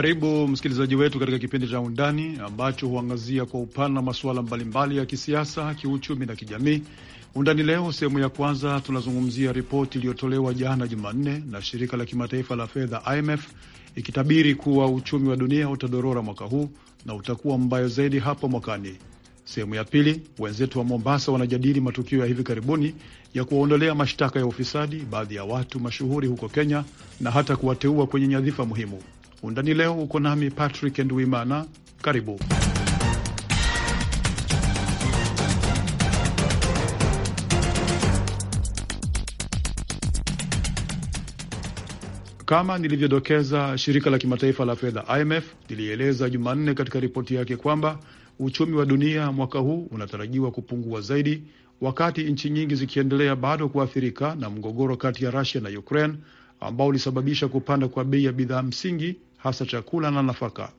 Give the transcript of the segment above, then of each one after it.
Karibu msikilizaji wetu katika kipindi cha Undani ambacho huangazia kwa upana masuala mbalimbali ya kisiasa, kiuchumi na kijamii. Undani leo, sehemu ya kwanza, tunazungumzia ripoti iliyotolewa jana Jumanne na shirika la kimataifa la fedha IMF ikitabiri kuwa uchumi wa dunia utadorora mwaka huu na utakuwa mbaya zaidi hapo mwakani. Sehemu ya pili, wenzetu wa Mombasa wanajadili matukio ya hivi karibuni ya kuwaondolea mashtaka ya ufisadi baadhi ya watu mashuhuri huko Kenya na hata kuwateua kwenye nyadhifa muhimu. Undani leo uko nami Patrick nduimana karibu. Kama nilivyodokeza, shirika la kimataifa la fedha IMF lilieleza Jumanne katika ripoti yake kwamba uchumi wa dunia mwaka huu unatarajiwa kupungua zaidi, wakati nchi nyingi zikiendelea bado kuathirika na mgogoro kati ya Rusia na Ukraine ambao ulisababisha kupanda kwa bei ya bidhaa msingi hasa chakula na nafaka.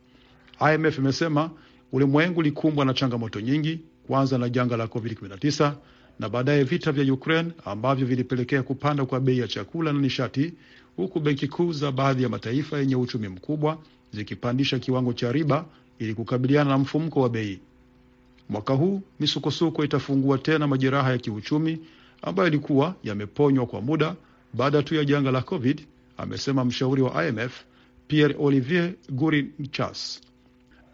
IMF imesema ulimwengu ulikumbwa na changamoto nyingi, kwanza na janga la COVID-19 na baadaye vita vya Ukraine ambavyo vilipelekea kupanda kwa bei ya chakula na nishati, huku benki kuu za baadhi ya mataifa yenye uchumi mkubwa zikipandisha kiwango cha riba ili kukabiliana na mfumko wa bei. Mwaka huu misukosuko itafungua tena majeraha ya kiuchumi ambayo yalikuwa yameponywa kwa muda baada tu ya janga la COVID, amesema mshauri wa IMF Pierre Olivier Gourinchas.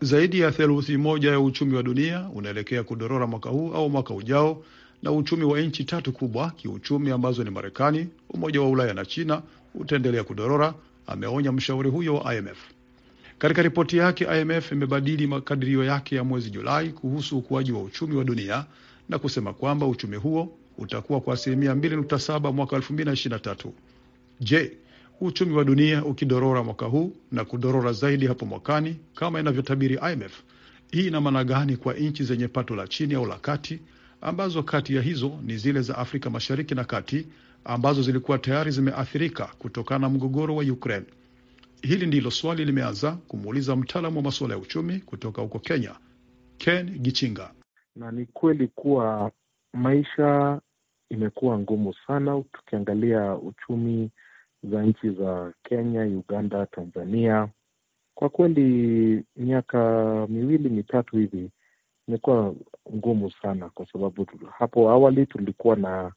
Zaidi ya theluthi moja ya uchumi wa dunia unaelekea kudorora mwaka huu au mwaka ujao, na uchumi wa nchi tatu kubwa kiuchumi ambazo ni Marekani, Umoja wa Ulaya na China utaendelea kudorora, ameonya mshauri huyo wa IMF. Katika ripoti yake, IMF imebadili makadirio yake ya mwezi Julai kuhusu ukuaji wa uchumi wa dunia na kusema kwamba uchumi huo utakuwa kwa asilimia 2.7 mwaka 2023. Je, uchumi wa dunia ukidorora mwaka huu na kudorora zaidi hapo mwakani kama inavyotabiri IMF. Hii ina maana gani kwa nchi zenye pato la chini au la kati, ambazo kati ya hizo ni zile za Afrika Mashariki na Kati ambazo zilikuwa tayari zimeathirika kutokana na mgogoro wa Ukraine? Hili ndilo swali limeanza kumuuliza mtaalamu wa masuala ya uchumi kutoka huko Kenya, Ken Gichinga. Na ni kweli kuwa maisha imekuwa ngumu sana, tukiangalia uchumi za nchi za Kenya, Uganda, Tanzania. Kwa kweli miaka miwili mitatu hivi imekuwa ngumu sana, kwa sababu hapo awali tulikuwa na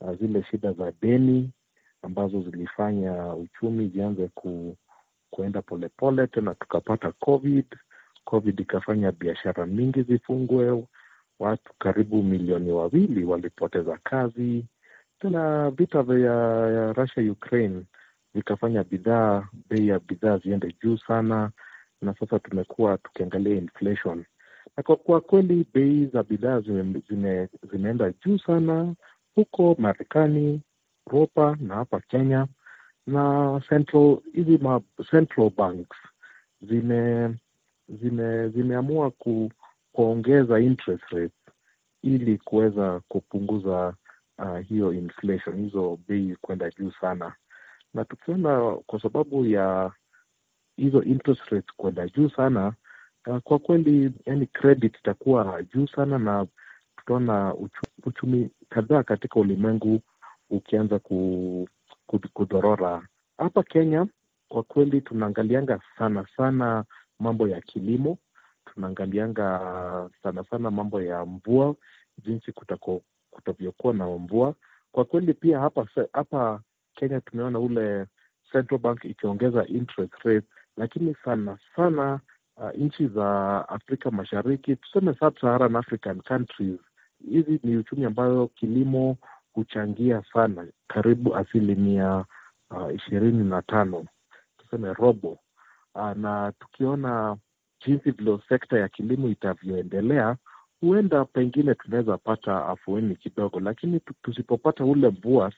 uh, zile shida za deni ambazo zilifanya uchumi zianze ku, kuenda polepole tena, tukapata COVID. COVID ikafanya biashara mingi zifungwe, watu karibu milioni wawili walipoteza kazi, tena vita vya Russia Ukraine vikafanya bidhaa, bei ya bidhaa ziende juu sana, na sasa tumekuwa tukiangalia inflation, na kwa, kwa kweli bei za bidhaa zime, zime, zimeenda juu sana huko Marekani, Uropa na hapa Kenya na central hizi ma central banks zime zime zimeamua ku, kuongeza interest ili kuweza kupunguza uh, hiyo inflation, hizo bei kwenda juu sana, na tukiona kwa sababu ya hizo interest rate kwenda juu sana uh, kwa kweli yani credit itakuwa juu sana, na tutaona uchumi kadhaa katika ulimwengu ukianza kudorora. Hapa Kenya kwa kweli tunaangalianga sana sana mambo ya kilimo, tunaangalianga sana sana mambo ya mvua, jinsi kutako kutovyokuwa na mvua. Kwa kweli pia hapa hapa Kenya tumeona ule central bank ikiongeza interest rate, lakini sana sana uh, nchi za Afrika Mashariki tuseme sub-Saharan African countries, hizi ni uchumi ambayo kilimo huchangia sana, karibu asilimia uh, ishirini uh, na tano tuseme robo uh, na tukiona jinsi vile sekta ya kilimo itavyoendelea huenda pengine tunaweza pata afueni kidogo, lakini tusipopata ule mvua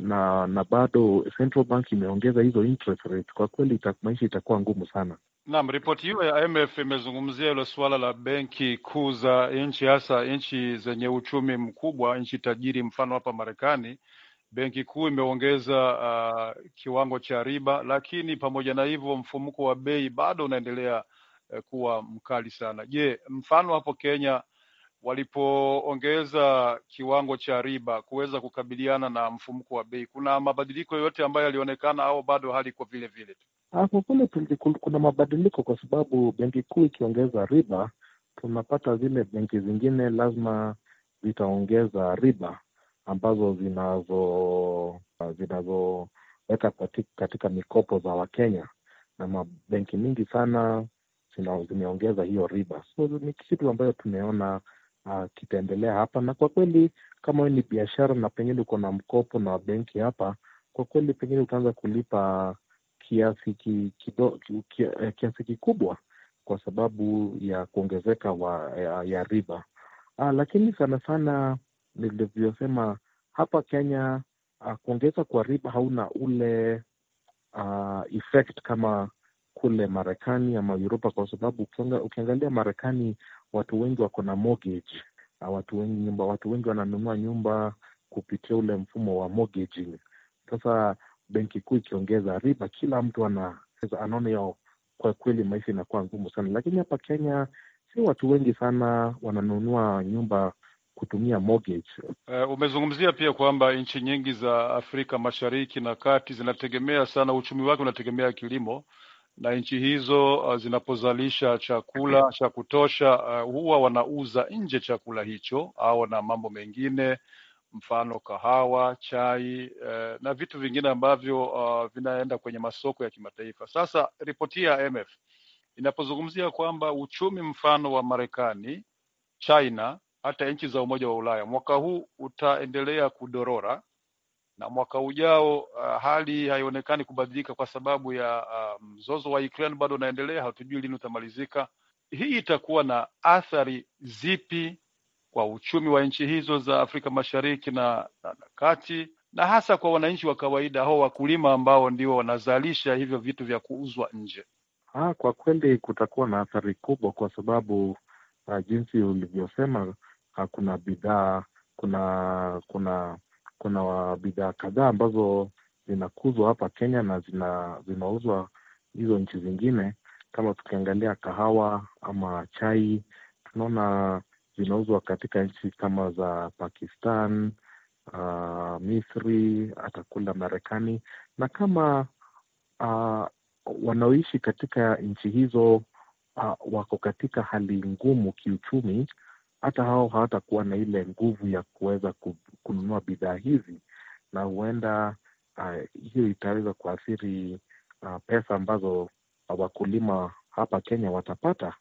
na na bado Central Bank imeongeza hizo interest rate, kwa kweli ita, maisha itakuwa ngumu sana. Naam, ripoti hiyo ya IMF imezungumzia ilo suala la benki kuu za nchi, hasa nchi zenye uchumi mkubwa, nchi tajiri. Mfano hapa Marekani, benki kuu imeongeza uh, kiwango cha riba, lakini pamoja na hivyo mfumuko wa bei bado unaendelea uh, kuwa mkali sana. Je, mfano hapo Kenya walipoongeza kiwango cha riba kuweza kukabiliana na mfumuko wa bei? Kuna mabadiliko yoyote ambayo yalionekana au bado hali iko vile vile tu? Ah, kwa kweli kuna mabadiliko kwa sababu benki kuu ikiongeza riba, tunapata zile benki zingine lazima zitaongeza riba ambazo zinazo zinazoweka katika, katika mikopo za Wakenya na mabenki mingi sana zimeongeza hiyo riba, so ni kitu ambayo tumeona kitaendelea hapa, na kwa kweli kama ni biashara na pengine uko na mkopo na benki hapa, kwa kweli pengine utaanza kulipa kiasi kido, eh, kiasi kikubwa kwa sababu ya kuongezeka ya, ya riba. uh, lakini sana sana nilivyosema hapa Kenya ah, kuongeza kwa riba hauna ule uh, effect kama kule Marekani ama Uropa, kwa sababu ukiangalia Marekani watu wengi wako na mortgage. Watu wengi nyumba, watu wengi wananunua nyumba kupitia ule mfumo wa mortgaging. Sasa benki kuu ikiongeza riba, kila mtu anaona hiyo, kwa kweli maisha inakuwa ngumu sana. Lakini hapa Kenya si watu wengi sana wananunua nyumba kutumia mortgage. Uh, umezungumzia pia kwamba nchi nyingi za Afrika Mashariki na Kati zinategemea sana uchumi wake unategemea kilimo na nchi hizo uh, zinapozalisha chakula cha kutosha uh, huwa wanauza nje chakula hicho au na mambo mengine, mfano kahawa, chai uh, na vitu vingine ambavyo uh, vinaenda kwenye masoko ya kimataifa. Sasa ripoti ya mf inapozungumzia kwamba uchumi mfano wa Marekani, China, hata nchi za Umoja wa Ulaya mwaka huu utaendelea kudorora na mwaka ujao uh, hali haionekani kubadilika kwa sababu ya uh, mzozo wa Ukraine bado unaendelea, hatujui lini utamalizika. Hii itakuwa na athari zipi kwa uchumi wa nchi hizo za Afrika Mashariki na, na, na kati na hasa kwa wananchi wa kawaida hao wakulima ambao ndio wanazalisha hivyo vitu vya kuuzwa nje? Ha, ah, kwa kweli kutakuwa na athari kubwa kwa sababu uh, jinsi ulivyosema, uh, kuna bidhaa kuna kuna kuna bidhaa kadhaa ambazo zinakuzwa hapa Kenya na zina, zinauzwa hizo nchi zingine. Kama tukiangalia kahawa ama chai, tunaona zinauzwa katika nchi kama za Pakistan, uh, Misri, hata kule Marekani na kama uh, wanaoishi katika nchi hizo uh, wako katika hali ngumu kiuchumi, hata hao hawatakuwa na ile nguvu ya kuweza kununua bidhaa hizi, na huenda uh, hiyo itaweza kuathiri uh, pesa ambazo wakulima hapa Kenya watapata,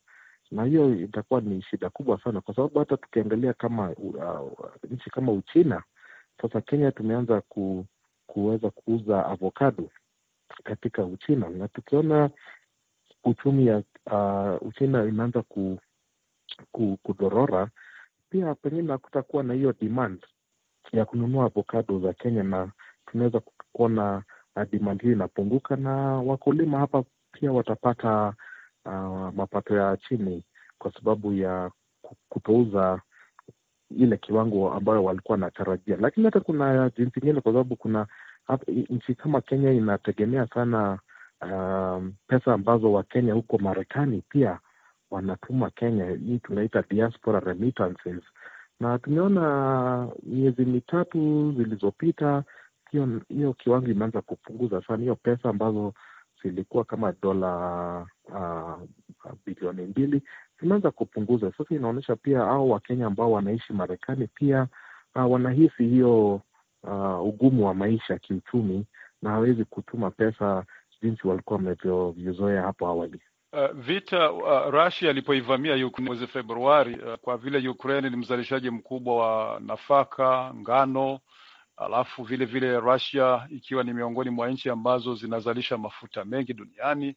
na hiyo itakuwa ni shida kubwa sana, kwa sababu hata tukiangalia kama uh, nchi kama Uchina, sasa Kenya tumeanza ku, kuweza kuuza avokado katika Uchina, na tukiona uchumi ya uh, Uchina imeanza ku, kudorora, pia pengine hakutakuwa na hiyo demand ya kununua avocado za Kenya, na tunaweza kuona ah, demand hii inapunguka, na wakulima hapa pia watapata uh, mapato ya chini kwa sababu ya kutouza ile kiwango ambayo walikuwa wanatarajia. Lakini hata kuna jinsi ingine, kwa sababu kuna nchi kama Kenya inategemea sana uh, pesa ambazo Wakenya huko Marekani pia wanatumwa Kenya, hii tunaita diaspora remittances, na tumeona miezi mitatu zilizopita hiyo kiwango imeanza kupunguza sana. Hiyo pesa ambazo zilikuwa kama dola uh, bilioni mbili zimeanza kupunguza sasa. Inaonyesha pia au Wakenya ambao wanaishi Marekani pia uh, wanahisi hiyo uh, ugumu wa maisha kiuchumi, na hawezi kutuma pesa jinsi walikuwa wamevyozoea hapo awali. Uh, vita uh, Russia ilipoivamia Ukraine mwezi Februari uh, kwa vile Ukraine ni mzalishaji mkubwa wa nafaka, ngano, alafu vile vile Russia ikiwa ni miongoni mwa nchi ambazo zinazalisha mafuta mengi duniani,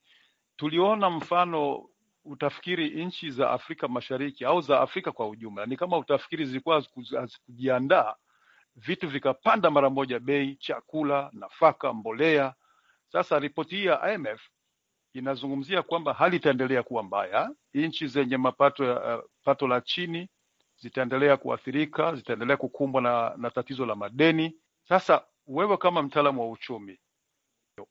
tuliona mfano utafikiri nchi za Afrika Mashariki au za Afrika kwa ujumla ni kama utafikiri zilikuwa hazikujiandaa, vitu vikapanda mara moja bei, chakula, nafaka, mbolea. Sasa ripoti hii ya IMF inazungumzia kwamba hali itaendelea kuwa mbaya, nchi zenye mapato ya uh, pato la chini zitaendelea kuathirika, zitaendelea kukumbwa na, na tatizo la madeni. Sasa wewe kama mtaalamu wa uchumi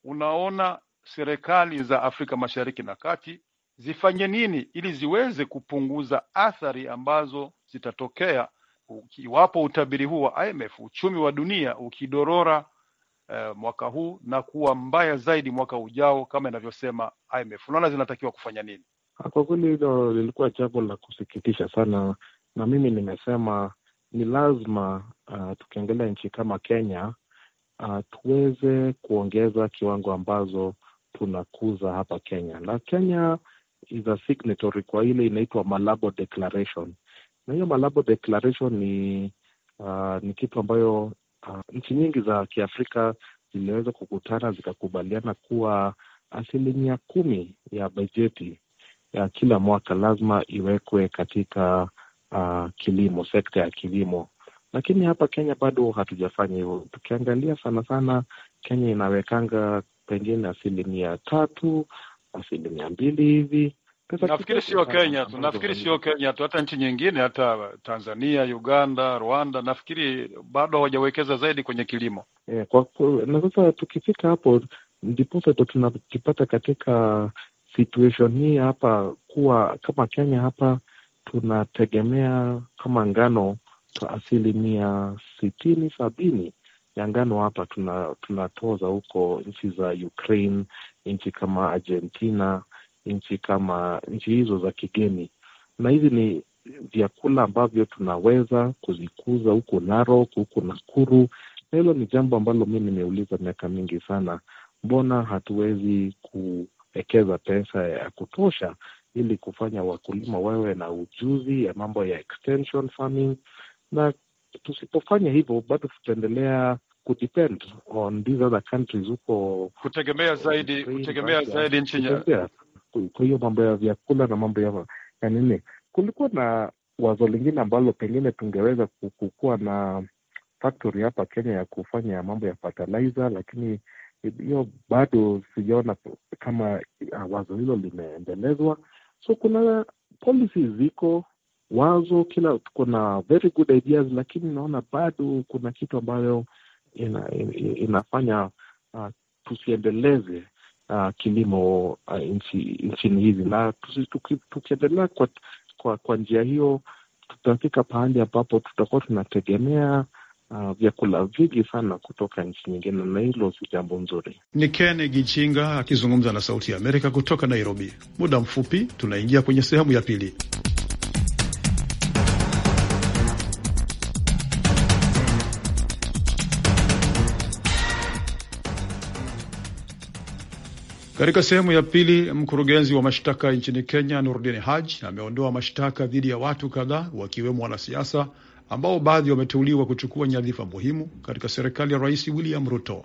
unaona serikali za Afrika Mashariki na Kati zifanye nini ili ziweze kupunguza athari ambazo zitatokea iwapo utabiri huu wa IMF uchumi wa dunia ukidorora Eh, mwaka huu na kuwa mbaya zaidi mwaka ujao kama inavyosema IMF. Unaona zinatakiwa kufanya nini? Ah, kwa kweli hilo lilikuwa jambo la kusikitisha sana, na mimi nimesema ni lazima uh, ah, tukiongelea nchi kama Kenya uh, tuweze kuongeza kiwango ambazo tunakuza hapa Kenya, na Kenya is a signatory kwa ile inaitwa Malabo Declaration, na hiyo Malabo Declaration ni uh, ni kitu ambayo Uh, nchi nyingi za Kiafrika ziliweza kukutana zikakubaliana kuwa asilimia kumi ya bajeti ya kila mwaka lazima iwekwe katika uh, kilimo, sekta ya kilimo. Lakini hapa Kenya bado hatujafanya hivyo. Tukiangalia sana sana, Kenya inawekanga pengine asilimia tatu, asilimia mbili hivi Nafikiri sio Kenya tu, nafikiri sio Kenya tu, hata nchi nyingine, hata Tanzania, Uganda, Rwanda, nafikiri bado hawajawekeza zaidi kwenye kilimo yeah, kwa, na sasa tukifika hapo ndiposa ndo tunajipata katika situation hii hapa, kuwa kama Kenya hapa tunategemea kama ngano asilimia sitini sabini ya ngano hapa tunatoza tuna huko nchi za Ukraine, nchi kama Argentina nchi kama nchi hizo za kigeni, na hizi ni vyakula ambavyo tunaweza kuzikuza huku Narok, huku Nakuru, na hilo ni jambo ambalo mi nimeuliza miaka mingi sana, mbona hatuwezi kuwekeza pesa ya kutosha ili kufanya wakulima wawe na ujuzi ya mambo ya extension farming, na tusipofanya hivyo bado tutaendelea kutegemea zaidi, kutegemea zaidi nchi kwa hiyo mambo ya vyakula na mambo ya, ya nini. Kulikuwa na wazo lingine ambalo pengine tungeweza kukuwa na factory hapa Kenya ya kufanya mambo ya fertilizer, lakini hiyo bado sijaona kama ah, wazo hilo limeendelezwa. So kuna policies ziko wazo kila kuna very good ideas, lakini naona bado kuna kitu ambayo ina, ina, inafanya uh, tusiendeleze uh, kilimo uh, nchini hizi, na tukiendelea kwa, kwa, kwa njia hiyo tutafika pahali ambapo tutakuwa tunategemea Uh, vyakula vingi sana kutoka nchi nyingine na hilo si jambo nzuri. Ni Ken Gichinga akizungumza na Sauti ya Amerika kutoka Nairobi. Muda mfupi tunaingia kwenye sehemu ya pili. Katika sehemu ya pili, mkurugenzi wa mashtaka nchini Kenya Nurdin haj ameondoa mashtaka dhidi ya watu kadhaa wakiwemo wanasiasa ambao baadhi wameteuliwa kuchukua nyadhifa muhimu katika serikali ya Rais William Ruto.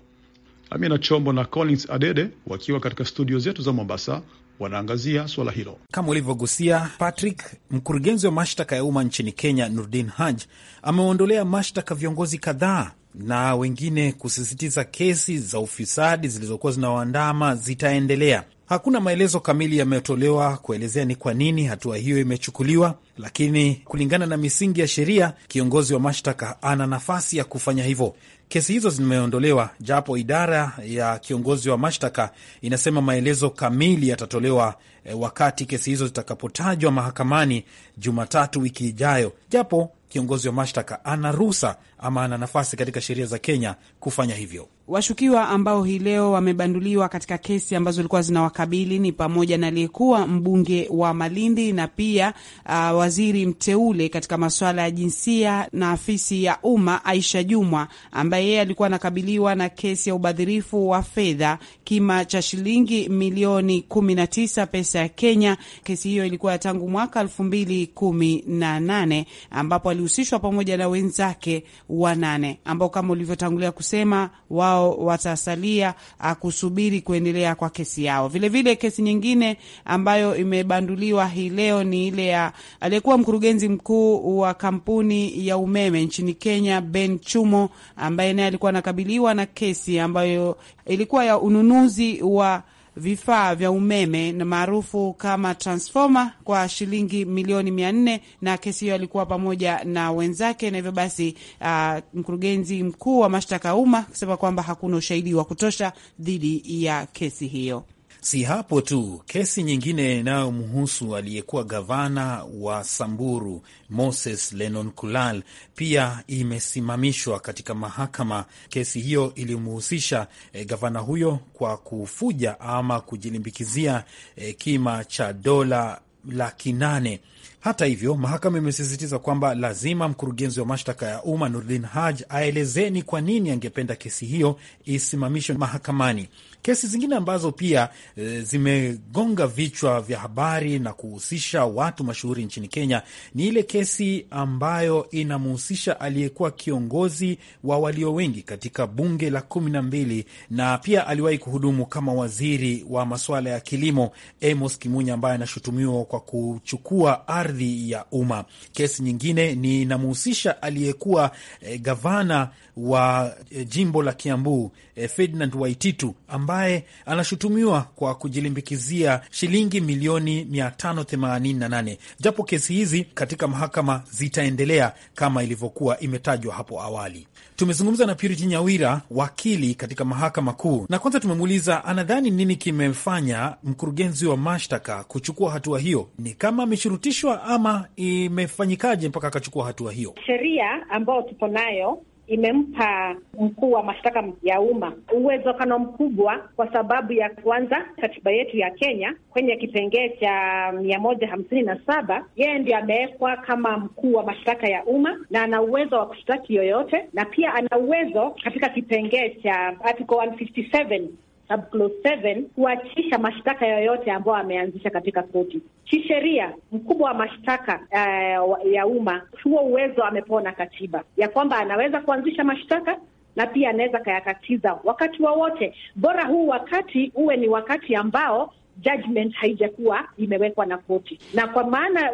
Amina Chombo na Collins Adede wakiwa katika studio zetu za Mombasa wanaangazia swala hilo. Kama ulivyogusia Patrick, mkurugenzi wa mashtaka ya umma nchini Kenya Nurdin haj ameondolea mashtaka viongozi kadhaa na wengine kusisitiza kesi za ufisadi zilizokuwa zinawaandama zitaendelea. Hakuna maelezo kamili yametolewa kuelezea ni kwa nini hatua hiyo imechukuliwa lakini kulingana na misingi ya sheria, kiongozi wa mashtaka ana nafasi ya kufanya hivyo. Kesi hizo zimeondolewa, japo idara ya kiongozi wa mashtaka inasema maelezo kamili yatatolewa e, wakati kesi hizo zitakapotajwa mahakamani Jumatatu wiki ijayo, japo kiongozi wa mashtaka ana ruhusa ama ana nafasi katika sheria za Kenya kufanya hivyo. Washukiwa ambao hii leo wamebanduliwa katika kesi ambazo zilikuwa zinawakabili ni pamoja na aliyekuwa mbunge wa Malindi na pia uh, waziri mteule katika masuala ya jinsia na afisi ya umma Aisha Jumwa, ambaye yeye alikuwa anakabiliwa na kesi ya ubadhirifu wa fedha kima cha shilingi milioni 19 pesa ya Kenya. Kesi hiyo ilikuwa ya tangu mwaka 2018 ambapo alihusishwa pamoja na wenzake wanane ambao kama ulivyotangulia kusema wao watasalia ah, kusubiri kuendelea kwa kesi yao. Vilevile vile kesi nyingine ambayo imebanduliwa hii leo ni ile ya Aliyekuwa mkurugenzi mkuu wa kampuni ya umeme nchini Kenya, Ben Chumo, ambaye naye alikuwa anakabiliwa na kesi ambayo ilikuwa ya ununuzi wa vifaa vya umeme na maarufu kama transfoma kwa shilingi milioni mia nne na kesi hiyo alikuwa pamoja na wenzake, na hivyo basi uh, mkurugenzi mkuu wa mashtaka ya umma kusema kwamba hakuna ushahidi wa kutosha dhidi ya kesi hiyo. Si hapo tu, kesi nyingine inayomhusu aliyekuwa gavana wa Samburu Moses lenon Kulal pia imesimamishwa katika mahakama. Kesi hiyo ilimhusisha eh, gavana huyo kwa kufuja ama kujilimbikizia eh, kima cha dola laki nane hata hivyo, mahakama imesisitiza kwamba lazima mkurugenzi wa mashtaka ya umma Nurdin Haj aelezeni kwa nini angependa kesi hiyo isimamishwe mahakamani. Kesi zingine ambazo pia e, zimegonga vichwa vya habari na kuhusisha watu mashuhuri nchini Kenya ni ile kesi ambayo inamhusisha aliyekuwa kiongozi wa walio wengi katika bunge la kumi na mbili na pia aliwahi kuhudumu kama waziri wa masuala ya kilimo Amos Kimunya, ambaye anashutumiwa kwa kuchukua ardhi ya umma. Kesi nyingine ni ninamhusisha aliyekuwa eh, gavana wa eh, jimbo la Kiambu eh, Ferdinand Waititu ambaye anashutumiwa kwa kujilimbikizia shilingi milioni 588, japo kesi hizi katika mahakama zitaendelea kama ilivyokuwa imetajwa hapo awali. Tumezungumza na Purity Nyawira, wakili katika mahakama kuu, na kwanza tumemuuliza anadhani nini kimefanya mkurugenzi wa mashtaka kuchukua hatua hiyo. Ni kama ameshurutishwa ama imefanyikaje mpaka akachukua hatua hiyo? Sheria ambayo tupo nayo imempa mkuu wa mashtaka ya umma uwezekano mkubwa, kwa sababu ya kwanza, katiba yetu ya Kenya kwenye kipengee cha mia moja hamsini na saba yeye ndio amewekwa kama mkuu wa mashtaka ya umma na ana uwezo wa kushtaki yoyote, na pia ana uwezo katika kipengee cha article 157 sub clause 7 kuachisha mashtaka yoyote ambayo ameanzisha katika koti. Kisheria, mkubwa wa mashtaka uh, ya umma huo uwezo amepewa na katiba ya kwamba anaweza kuanzisha mashtaka na pia anaweza kayakatiza wakati wowote wa bora huu wakati uwe ni wakati ambao judgment haijakuwa imewekwa na koti, na kwa maana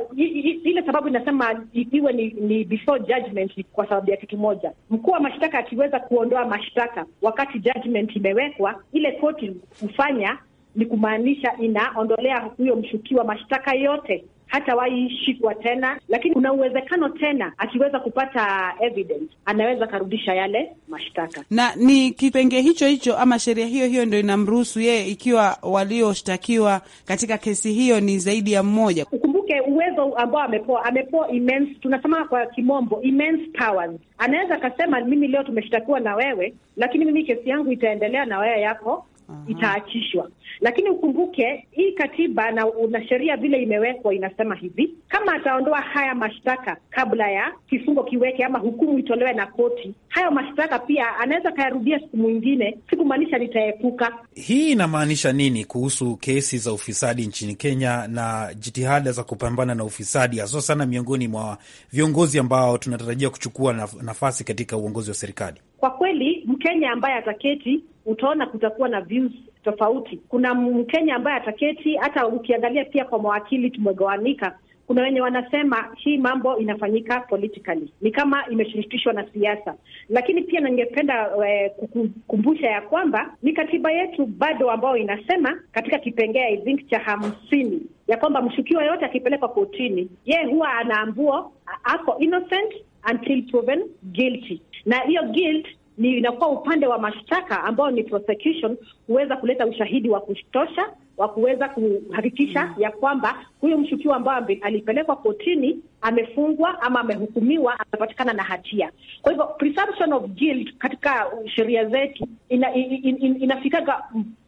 ile sababu inasema iwe ni, ni before judgment, ni kwa sababu ya kitu moja, mkuu wa mashtaka akiweza kuondoa mashtaka wakati judgment imewekwa, ile koti hufanya ni kumaanisha inaondolea huyo mshukiwa mashtaka yote hatawahi kwa tena, lakini kuna uwezekano tena akiweza kupata evidence anaweza akarudisha yale mashtaka, na ni kipenge hicho hicho ama sheria hiyo hiyo ndio inamruhusu yeye, ikiwa walioshtakiwa katika kesi hiyo ni zaidi ya mmoja. Ukumbuke uwezo ambao amepoa, amepoa immense, tunasema kwa kimombo immense powers. Anaweza akasema mimi leo tumeshtakiwa na wewe, lakini mimi kesi yangu itaendelea na wewe yako itaachishwa. Lakini ukumbuke hii katiba na, na sheria vile imewekwa inasema hivi, kama ataondoa haya mashtaka kabla ya kifungo kiweke ama hukumu itolewe na koti, hayo mashtaka pia anaweza kayarudia siku mwingine, sikumaanisha nitaepuka. Hii inamaanisha nini kuhusu kesi za ufisadi nchini Kenya na jitihada za kupambana na ufisadi, haswa sana miongoni mwa viongozi ambao tunatarajia kuchukua nafasi katika uongozi wa serikali? Kwa kweli Mkenya ambaye ataketi utaona kutakuwa na views tofauti. Kuna Mkenya ambaye ataketi, hata ukiangalia pia kwa mawakili tumegawanika. Kuna wenye wanasema hii mambo inafanyika politically, ni kama imeshirikishwa na siasa. Lakini pia ningependa eh, kukumbusha ya kwamba ni katiba yetu bado ambayo inasema katika kipengee I think cha hamsini ya kwamba mshukiwa yote akipelekwa kotini, ye huwa anaambua ako innocent until proven guilty, na hiyo guilt ni inakuwa upande wa mashtaka ambao ni prosecution huweza kuleta ushahidi wa kutosha wa kuweza kuhakikisha mm. ya kwamba huyo mshukiwa ambaye alipelekwa kotini amefungwa ama amehukumiwa, amepatikana na hatia. Kwa hivyo presumption of guilt katika sheria zetu ina, in, in, in, inafikaga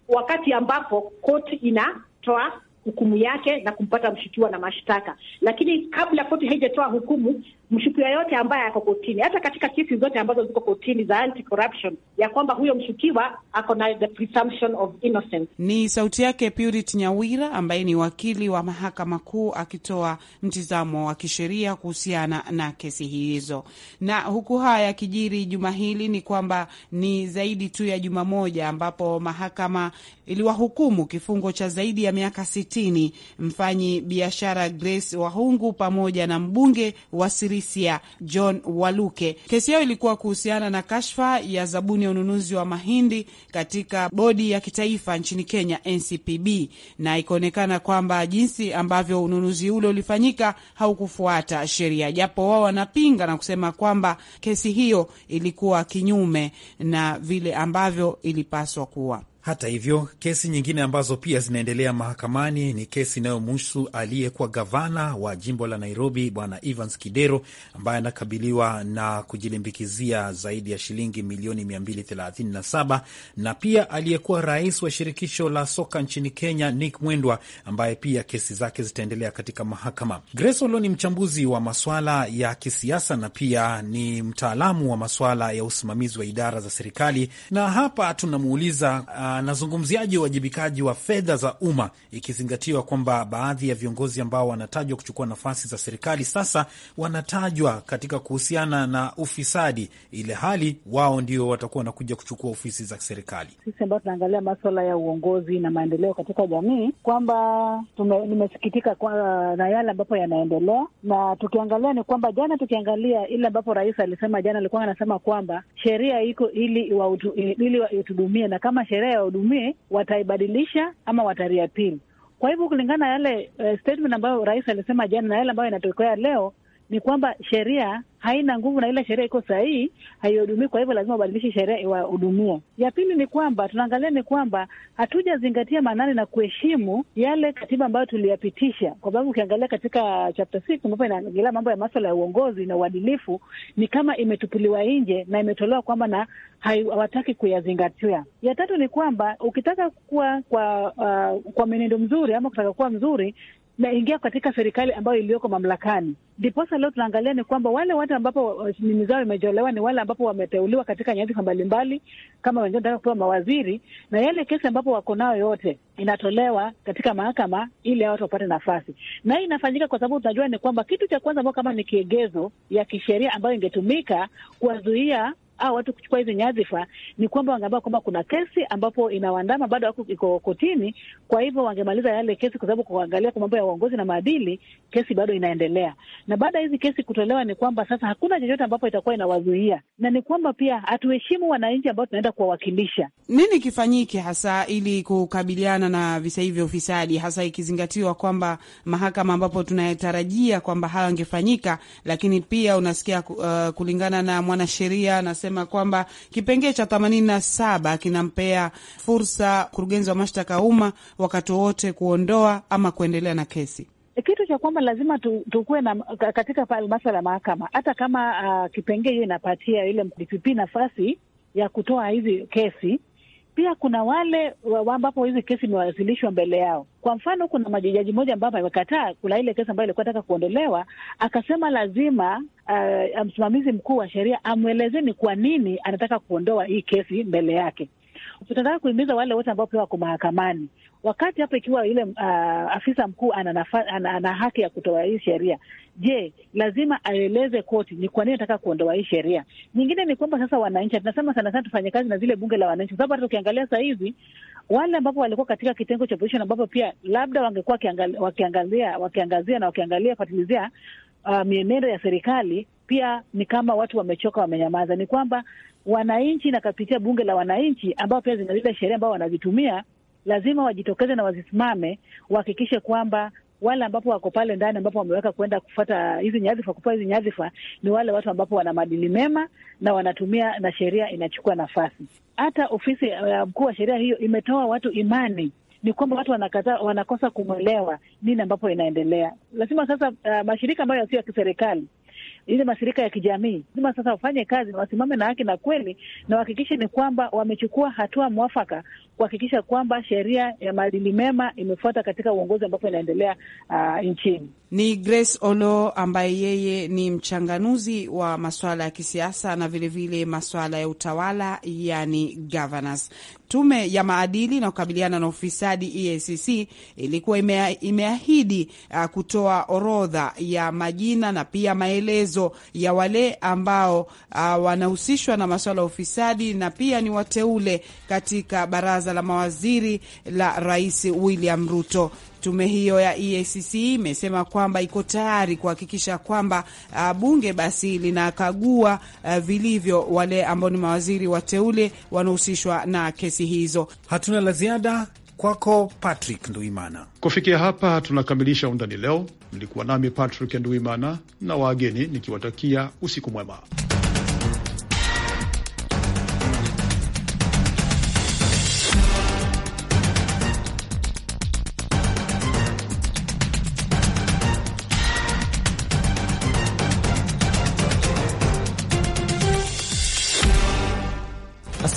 wakati ambapo koti inatoa hukumu yake na kumpata mshukiwa na mashtaka, lakini kabla koti haijatoa hukumu, mshukiwa yote ambaye ako kotini, hata katika kesi zote ambazo ziko kotini za anti corruption, ya kwamba huyo mshukiwa ako na the presumption of innocence. Ni sauti yake Purity Nyawira ambaye ni wakili wa mahakama kuu akitoa mtizamo wa kisheria kuhusiana na kesi hizo. Na huku haya yakijiri juma hili, ni kwamba ni zaidi tu ya juma moja ambapo mahakama iliwahukumu kifungo cha zaidi ya miaka sitini mfanyi biashara Grace Wahungu pamoja na mbunge wa Grisia John Waluke. Kesi yao ilikuwa kuhusiana na kashfa ya zabuni ya ununuzi wa mahindi katika bodi ya kitaifa nchini Kenya, NCPB, na ikaonekana kwamba jinsi ambavyo ununuzi ule ulifanyika haukufuata sheria, japo wao wanapinga na kusema kwamba kesi hiyo ilikuwa kinyume na vile ambavyo ilipaswa kuwa. Hata hivyo, kesi nyingine ambazo pia zinaendelea mahakamani ni kesi inayomhusu aliyekuwa gavana wa jimbo la Nairobi, Bwana Evans Kidero, ambaye anakabiliwa na kujilimbikizia zaidi ya shilingi milioni 237 na pia aliyekuwa rais wa shirikisho la soka nchini Kenya, Nick Mwendwa, ambaye pia kesi zake zitaendelea katika mahakama. Grace Olo ni mchambuzi wa maswala ya kisiasa na pia ni mtaalamu wa maswala ya usimamizi wa idara za serikali, na hapa tunamuuliza uh, na nazungumziaji uwajibikaji wa fedha za umma, ikizingatiwa kwamba baadhi ya viongozi ambao wanatajwa kuchukua nafasi za serikali sasa wanatajwa katika kuhusiana na ufisadi, ile hali wao ndio watakuwa wanakuja kuchukua ofisi za serikali. Sisi ambao tunaangalia maswala ya uongozi na maendeleo katika jamii, kwamba nimesikitika kwa na yale ambapo yanaendelea, na tukiangalia ni kwamba jana, tukiangalia ile ambapo rais alisema jana, alikuwa anasema kwamba sheria iko ili iwahudumie, na kama sheria wahudumie wataibadilisha ama watariapili. Kwa hivyo kulingana na yale uh, statement ambayo rais alisema jana na yale ambayo inatokea leo, ni kwamba sheria haina nguvu na ile sheria iko sahihi haihudumii. Kwa hivyo lazima ubadilishe sheria iwahudumia. Ya pili ni kwamba tunaangalia ni kwamba hatujazingatia maanani na kuheshimu yale katiba ambayo tuliyapitisha, kwa sababu ukiangalia katika chapter six ambapo inaangalia mambo ya maswala ya uongozi na uadilifu, ni kama imetupiliwa nje na imetolewa kwamba na hawataki kuyazingatia. Ya tatu ni kwamba ukitaka kuwa kwa, uh, kwa mwenendo mzuri ama ukitaka kuwa mzuri, naingia katika serikali ambayo iliyoko mamlakani. Ndiposa leo tunaangalia ni kwamba wale watu ambapo nini uh, zao imejolewa ni wale ambapo wameteuliwa katika nyadhifa mbalimbali, kama wengine wanataka kupewa mawaziri, na yale kesi ambapo wako nayo yote inatolewa katika mahakama ili hao watu wapate nafasi. Na hii inafanyika kwa sababu tunajua ni kwamba kitu cha kwanza ambao kama ni kiegezo ya kisheria ambayo ingetumika kuwazuia au watu kuchukua hizi nyadhifa ni kwamba wangeambia kwamba kuna kesi ambapo inawandama bado wako iko kotini. Kwa hivyo wangemaliza yale kesi, kwa sababu kuangalia kwa mambo ya uongozi na maadili, kesi bado inaendelea. Na baada ya hizi kesi kutolewa, ni kwamba sasa hakuna chochote ambapo itakuwa inawazuia, na ni kwamba pia hatuheshimu wananchi ambao tunaenda kuwawakilisha. Nini kifanyike hasa ili kukabiliana na visa hivi vya ufisadi, hasa ikizingatiwa kwamba mahakama ambapo tunayetarajia kwamba hayo angefanyika, lakini pia unasikia uh, kulingana na mwanasheria na anasema kwamba kipengee cha thamanini na saba kinampea fursa mkurugenzi wa mashtaka ya umma wakati wowote kuondoa ama kuendelea na kesi kitu cha kwamba lazima tu, tukuwe na katika masala ya mahakama, hata kama uh, kipengee hiyo inapatia ile DPP nafasi ya kutoa hizi kesi pia kuna wale ambapo hizi kesi imewasilishwa mbele yao. Kwa mfano, kuna majaji moja ambapo amekataa, kuna ile kesi ambayo ilikuwa ataka kuondolewa, akasema lazima uh, msimamizi mkuu wa sheria amwelezee ni kwa nini anataka kuondoa hii kesi mbele yake tunataka kuhimiza wale wote ambao pia wako mahakamani, wakati hapa, ikiwa yule uh, afisa mkuu ana, haki ya kutoa hii sheria, je, lazima aeleze koti ni kwa nini anataka kuondoa hii sheria. Nyingine ni kwamba sasa wananchi, tunasema sana sana tufanye kazi na zile bunge la wananchi, kwa sababu hata ukiangalia sasa hizi wale ambapo walikuwa katika kitengo cha opposition, ambapo pia labda wangekuwa wakiangalia wakiangazia na wakiangalia fatilizia uh, mienendo ya serikali pia ni kama watu wamechoka, wamenyamaza. Ni kwamba wananchi na kapitia bunge la wananchi ambao pia zile sheria ambao wanazitumia, lazima wajitokeze na wazisimame, wahakikishe kwamba wale ambapo wako pale ndani ambapo wameweka kwenda kufata hizi nyadhifa, kupewa hizi nyadhifa ni wale watu ambapo wana maadili mema na wanatumia na sheria inachukua nafasi. Hata ofisi ya mkuu wa sheria hiyo imetoa watu imani ni kwamba watu wanakataa, wanakosa kumwelewa nini ambapo inaendelea. Lazima sasa uh, mashirika ambayo yasio ya kiserikali ile mashirika ya kijamii lazima sasa wafanye kazi na wasimame na haki na kweli, na wahakikishe ni kwamba wamechukua hatua mwafaka kuhakikisha kwamba sheria ya maadili mema imefuata katika uongozi ambapo inaendelea uh, nchini. Ni Grace Olo ambaye yeye ni mchanganuzi wa masuala ya kisiasa na vilevile vile ya utawala, yani governance. Tume ya maadili na kukabiliana na ufisadi EACC ilikuwa imea, imeahidi uh, kutoa orodha ya majina na pia maelezo ya wale ambao uh, wanahusishwa na masuala ya ufisadi na pia ni wateule katika baraza la mawaziri la Rais William Ruto. Tume hiyo ya EACC imesema kwamba iko tayari kuhakikisha kwamba uh, bunge basi linakagua uh, vilivyo wale ambao ni mawaziri wateule wanahusishwa na kesi hizo. Hatuna la ziada. Kwako Patrick Nduimana. Kufikia hapa tunakamilisha undani leo. Mlikuwa nami Patrick Nduimana na wageni nikiwatakia usiku mwema.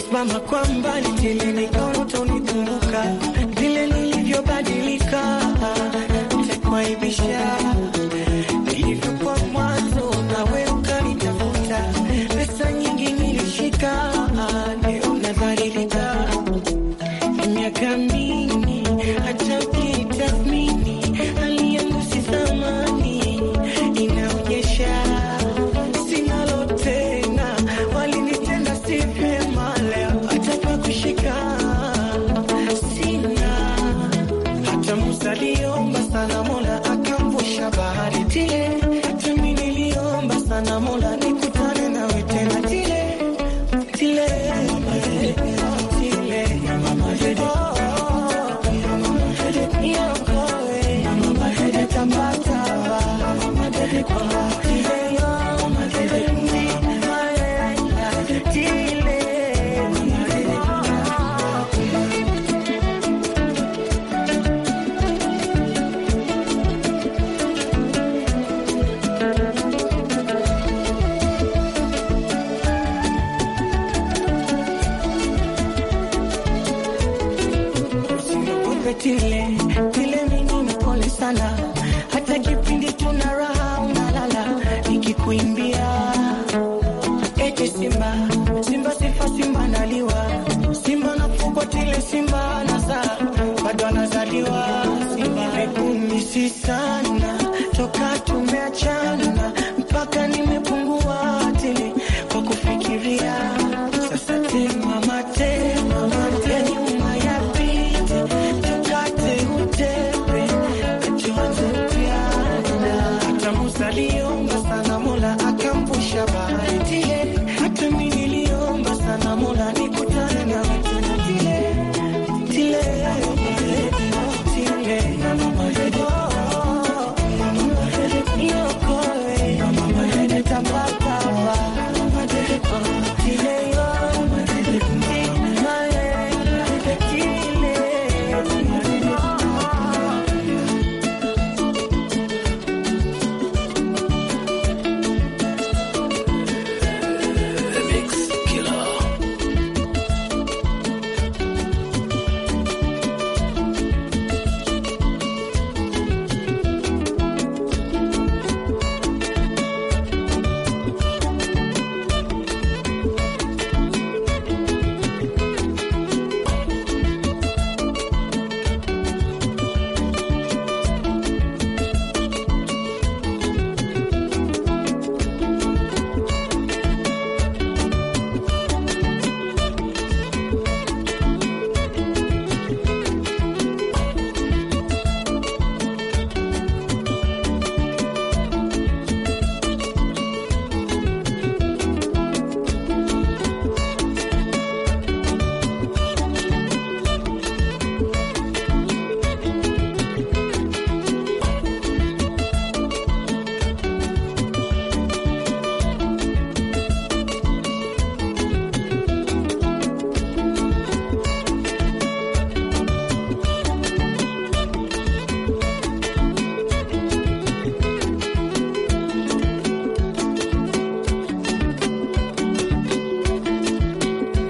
nilisimama kwa mbali, tili nikaona utanikumbuka vile nilivyobadilika, nitakuaibisha Salio, basta na mula akampushaba